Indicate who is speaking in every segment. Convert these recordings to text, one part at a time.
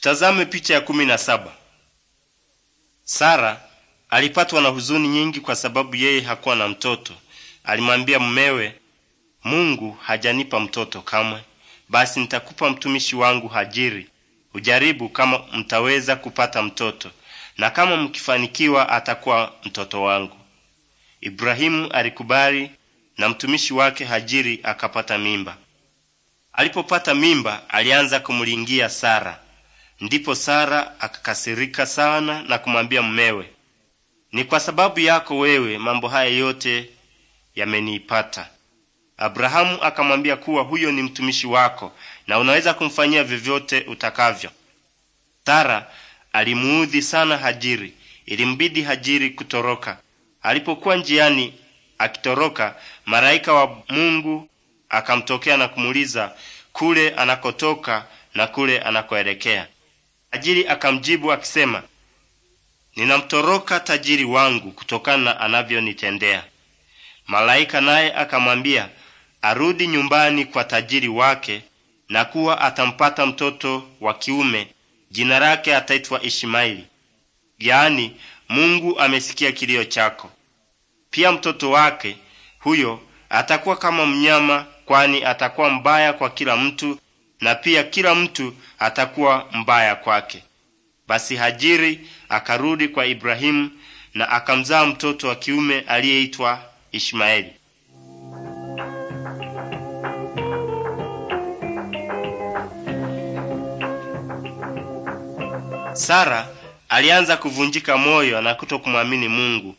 Speaker 1: Tutazame picha ya kumi na saba. Sara alipatwa na huzuni nyingi kwa sababu yeye hakuwa na mtoto. Alimwambia mumewe, Mungu hajanipa mtoto kamwe, basi nitakupa mtumishi wangu Hajiri, ujaribu kama mtaweza kupata mtoto, na kama mkifanikiwa atakuwa mtoto wangu. Ibrahimu alikubali na mtumishi wake Hajiri akapata mimba. Alipopata mimba, alianza kumlingia Sara Ndipo Sara akakasirika sana na kumwambia mumewe, ni kwa sababu yako wewe mambo haya yote yameniipata. Abrahamu akamwambia kuwa huyo ni mtumishi wako na unaweza kumfanyia vyovyote utakavyo. Sara alimuudhi sana Hajiri, ilimbidi Hajiri kutoroka. Alipokuwa njiani akitoroka, malaika wa Mungu akamtokea na kumuuliza kule anakotoka na kule anakoelekea. Tajiri akamjibu akisema, ninamtoroka tajiri wangu kutokana na anavyonitendea. Malaika naye akamwambia arudi nyumbani kwa tajiri wake na kuwa atampata mtoto wa kiume, jina lake ataitwa Ishmaeli, yaani Mungu amesikia kilio chako. Pia mtoto wake huyo atakuwa kama mnyama, kwani atakuwa mbaya kwa kila mtu na pia kila mtu atakuwa mbaya kwake. Basi Hajiri akarudi kwa Ibrahimu na akamzaa mtoto wa kiume aliyeitwa Ishmaeli. Sara alianza kuvunjika moyo na kutokumwamini Mungu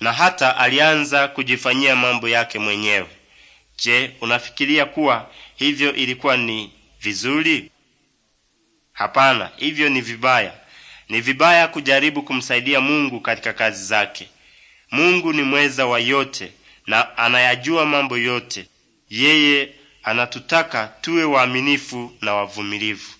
Speaker 1: na hata alianza kujifanyia mambo yake mwenyewe. Je, unafikiria kuwa hivyo ilikuwa ni vizuri? Hapana, hivyo ni vibaya. Ni vibaya kujaribu kumsaidia Mungu katika kazi zake. Mungu ni mweza wa yote na anayajua mambo yote. Yeye anatutaka tuwe waaminifu na wavumilivu.